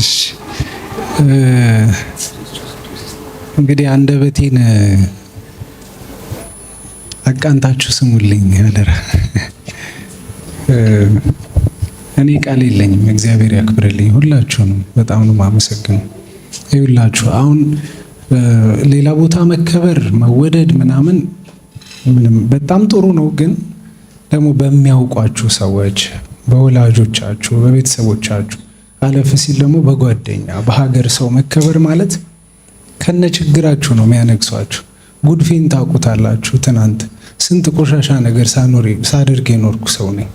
እሺ እንግዲህ አንደበቴን አቃንታችሁ ስሙልኝ አደራ። እኔ ቃል የለኝም። እግዚአብሔር ያክብርልኝ። ሁላችሁንም በጣም ነው የማመሰግነው። ይሁላችሁ አሁን ሌላ ቦታ መከበር መወደድ ምናምን ምንም በጣም ጥሩ ነው፣ ግን ደግሞ በሚያውቋችሁ ሰዎች፣ በወላጆቻችሁ፣ በቤተሰቦቻችሁ አለፍ ሲል ደግሞ በጓደኛ በሀገር ሰው መከበር ማለት ከነ ችግራችሁ ነው የሚያነግሷችሁ። ጉድፌን ታውቁታላችሁ። ትናንት ስንት ቆሻሻ ነገር ሳኖር ሳደርግ የኖርኩ ሰው ነኝ።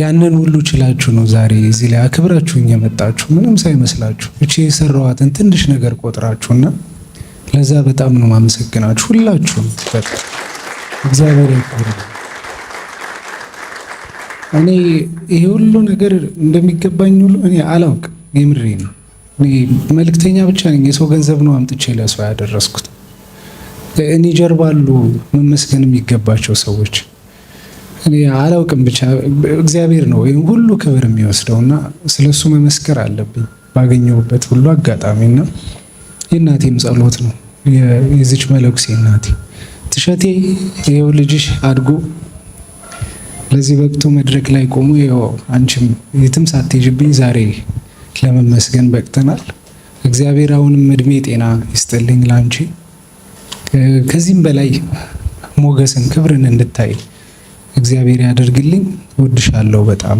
ያንን ሁሉ ችላችሁ ነው ዛሬ እዚህ ላይ አክብራችሁኝ የመጣችሁ ምንም ሳይመስላችሁ እቺ የሰራዋትን ትንሽ ነገር ቆጥራችሁና ለዛ በጣም ነው ማመሰግናችሁ ሁላችሁም። እግዚአብሔር ይክበር። እኔ ይሄ ሁሉ ነገር እንደሚገባኝ ሁሉ እኔ አላውቅም። የምሬ ነው። መልክተኛ ብቻ ነኝ። የሰው ገንዘብ ነው አምጥቼ ለሰው ያደረስኩት። እኔ ጀርባ አሉ መመስገን የሚገባቸው ሰዎች። እኔ አላውቅም። ብቻ እግዚአብሔር ነው ይህም ሁሉ ክብር የሚወስደው እና ስለሱ መመስከር አለብኝ ባገኘሁበት ሁሉ አጋጣሚ እና የእናቴም ጸሎት ነው የዚች መለኩሴ እናቴ ትሸቴ ይኸው ልጅሽ አድጎ ለዚህ በቅቶ መድረክ ላይ ቆሞ ይኸው አንቺም የትም ሳትሄጂብኝ ዛሬ ለመመስገን በቅተናል። እግዚአብሔር አሁንም እድሜ ጤና ይስጥልኝ ለአንቺ ከዚህም በላይ ሞገስን ክብርን እንድታይ እግዚአብሔር ያደርግልኝ። እወድሻለሁ በጣም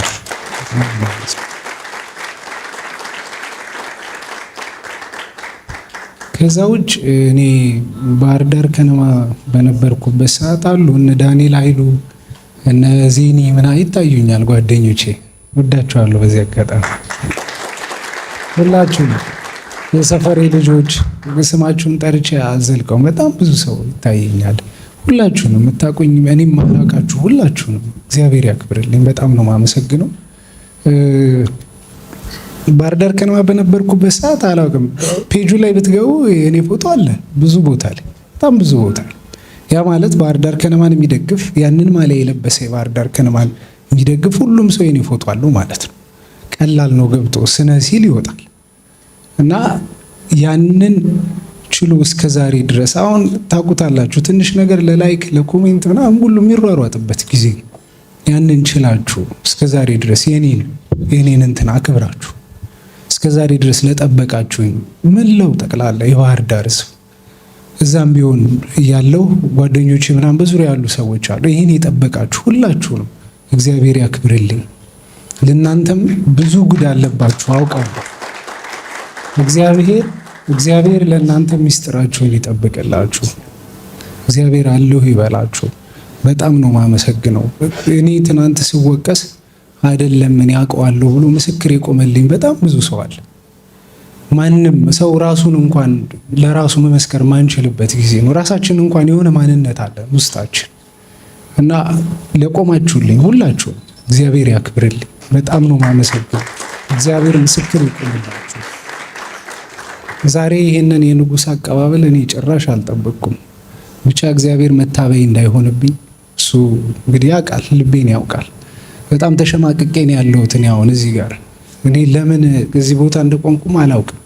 ከዛ ውጭ እኔ ባህር ዳር ከነማ በነበርኩበት ሰዓት አሉ እነ ዳንኤል ኃይሉ እነ ዜኒ ምና ይታዩኛል ጓደኞቼ፣ ወዳችኋለሁ። በዚህ አጋጣሚ ሁላችሁም የሰፈሬ ልጆች ስማችሁን ጠርቼ አዘልቀውም በጣም ብዙ ሰው ይታየኛል። ነው የምታቆኝ እኔም ማላቃችሁ ነው። እግዚአብሔር ያክብርልኝ። በጣም ነው ማመሰግነው። ባህርዳር ከነማ በነበርኩበት ሰዓት አላውቅም፣ ፔጁ ላይ ብትገቡ እኔ ፎቶ አለ ብዙ ቦታ ላይ በጣም ብዙ ቦታ ላይ ያ ማለት ባህር ዳር ከነማን የሚደግፍ ያንን ማሊያ የለበሰ የባህር ዳር ከነማን የሚደግፍ ሁሉም ሰው የኔ ፎቶ አለው ማለት ነው። ቀላል ነው ገብቶ ስነ ሲል ይወጣል እና ያንን ችሎ እስከ ዛሬ ድረስ አሁን ታውቁታላችሁ። ትንሽ ነገር ለላይክ ለኮሜንት ምናምን ሁሉ የሚሯሯጥበት ጊዜ ያንን ችላችሁ እስከ ዛሬ ድረስ የኔን የኔን እንትን አክብራችሁ እስከ ዛሬ ድረስ ለጠበቃችሁኝ ምን ለው ጠቅላላ የባህር ዳር እዛም ቢሆን ያለው ጓደኞች ምናምን በዙሪያ ያሉ ሰዎች አሉ። ይህን የጠበቃችሁ ሁላችሁ ነው። እግዚአብሔር ያክብርልኝ። ለእናንተም ብዙ ጉድ አለባችሁ አውቃለሁ። እግዚአብሔር እግዚአብሔር ለእናንተ ሚስጥራችሁን ይጠብቅላችሁ። እግዚአብሔር አለሁ ይበላችሁ። በጣም ነው ማመሰግነው። እኔ ትናንት ስወቀስ አይደለም እኔ አውቀዋለሁ ብሎ ምስክር የቆመልኝ በጣም ብዙ ሰው አለ። ማንም ሰው ራሱን እንኳን ለራሱ መመስከር ማንችልበት ጊዜ ነው። ራሳችን እንኳን የሆነ ማንነት አለ ውስጣችን እና ለቆማችሁልኝ ሁላችሁ እግዚአብሔር ያክብርልኝ። በጣም ነው ማመሰግን። እግዚአብሔር ምስክር ይቆምላችሁ። ዛሬ ይህንን የንጉሥ አቀባበል እኔ ጭራሽ አልጠበቅኩም። ብቻ እግዚአብሔር መታበይ እንዳይሆንብኝ እሱ እንግዲህ ያውቃል፣ ልቤን ያውቃል። በጣም ተሸማቅቄን ያለሁትን ያሁን እዚህ ጋር እኔ ለምን እዚህ ቦታ እንደቆምኩም አላውቅም።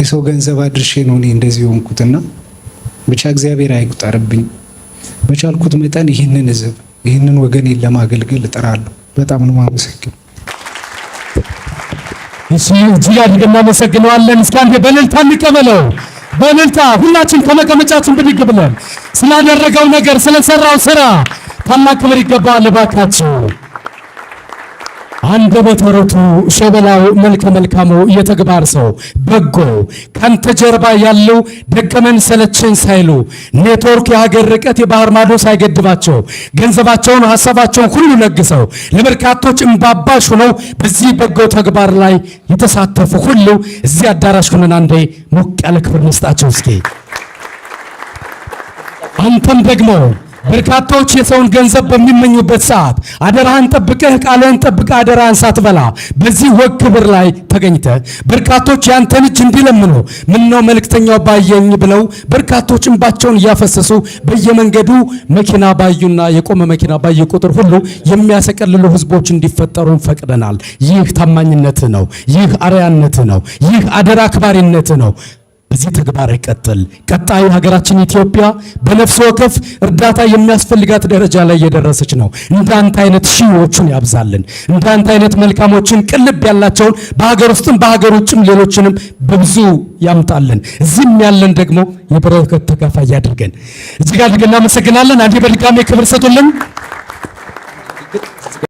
የሰው ገንዘብ አድርሼ ነው እኔ እንደዚህ ሆንኩትና ብቻ እግዚአብሔር አይቁጠርብኝ። በቻልኩት መጠን ይህንን ህዝብ ይህንን ወገኔን ለማገልገል እጥራለሁ። በጣም ነው ማመሰግን እዚህ አድርገን እናመሰግነዋለን። እስኪ አንዴ በእልልታ እንቀበለው። በእልልታ ሁላችን ከመቀመጫችን ብድግ ብለን ስላደረገው ነገር ስለሰራው ስራ ታላቅ ክብር ይገባዋል። እባካችሁ አንደበተ ርቱዕ ሸበላው መልከ መልካሙ የተግባር ሰው በጎ ካንተ ጀርባ ያለው ደከመን ሰለቸን ሳይሉ ኔትወርክ፣ የሀገር ርቀት፣ የባህር ማዶ ሳይገድባቸው ገንዘባቸውን፣ ሀሳባቸውን ሁሉ ለግሰው ለበርካቶች እምባባሽ ሆነው በዚህ በጎ ተግባር ላይ የተሳተፉ ሁሉ እዚህ አዳራሽ ሁነን አንዴ ሞቅ ያለ ክብር ንስጣቸው። እስኪ አንተም ደግሞ በርካታዎች የሰውን ገንዘብ በሚመኙበት ሰዓት አደራህን ጠብቀህ ቃልህን ጠብቀህ አደራህን ሳትበላ በዚህ ወግ ክብር ላይ ተገኝተ በርካቶች ያንተን እጅ እንዲለምኑ ምነው መልእክተኛው ባየኝ ብለው በርካቶች እንባቸውን እያፈሰሱ በየመንገዱ መኪና ባዩና የቆመ መኪና ባየ ቁጥር ሁሉ የሚያሰቀልሉ ህዝቦች እንዲፈጠሩን ፈቅደናል። ይህ ታማኝነት ነው። ይህ አርያነትህ ነው። ይህ አደራ አክባሪነት ነው። በዚህ ተግባር ይቀጥል። ቀጣዩ ሀገራችን ኢትዮጵያ በነፍስ ወከፍ እርዳታ የሚያስፈልጋት ደረጃ ላይ እየደረሰች ነው። እንዳንተ አይነት ሺዎቹን ያብዛልን። እንዳንተ አይነት መልካሞችን ቅልብ ያላቸውን በሀገር ውስጥም በሀገር ውጭም ሌሎችንም በብዙ ያምጣልን። እዚህም ያለን ደግሞ የበረከት ተካፋይ ያድርገን። እዚህ ጋር እናመሰግናለን። አንዴ በድጋሜ ክብር ሰጡልን።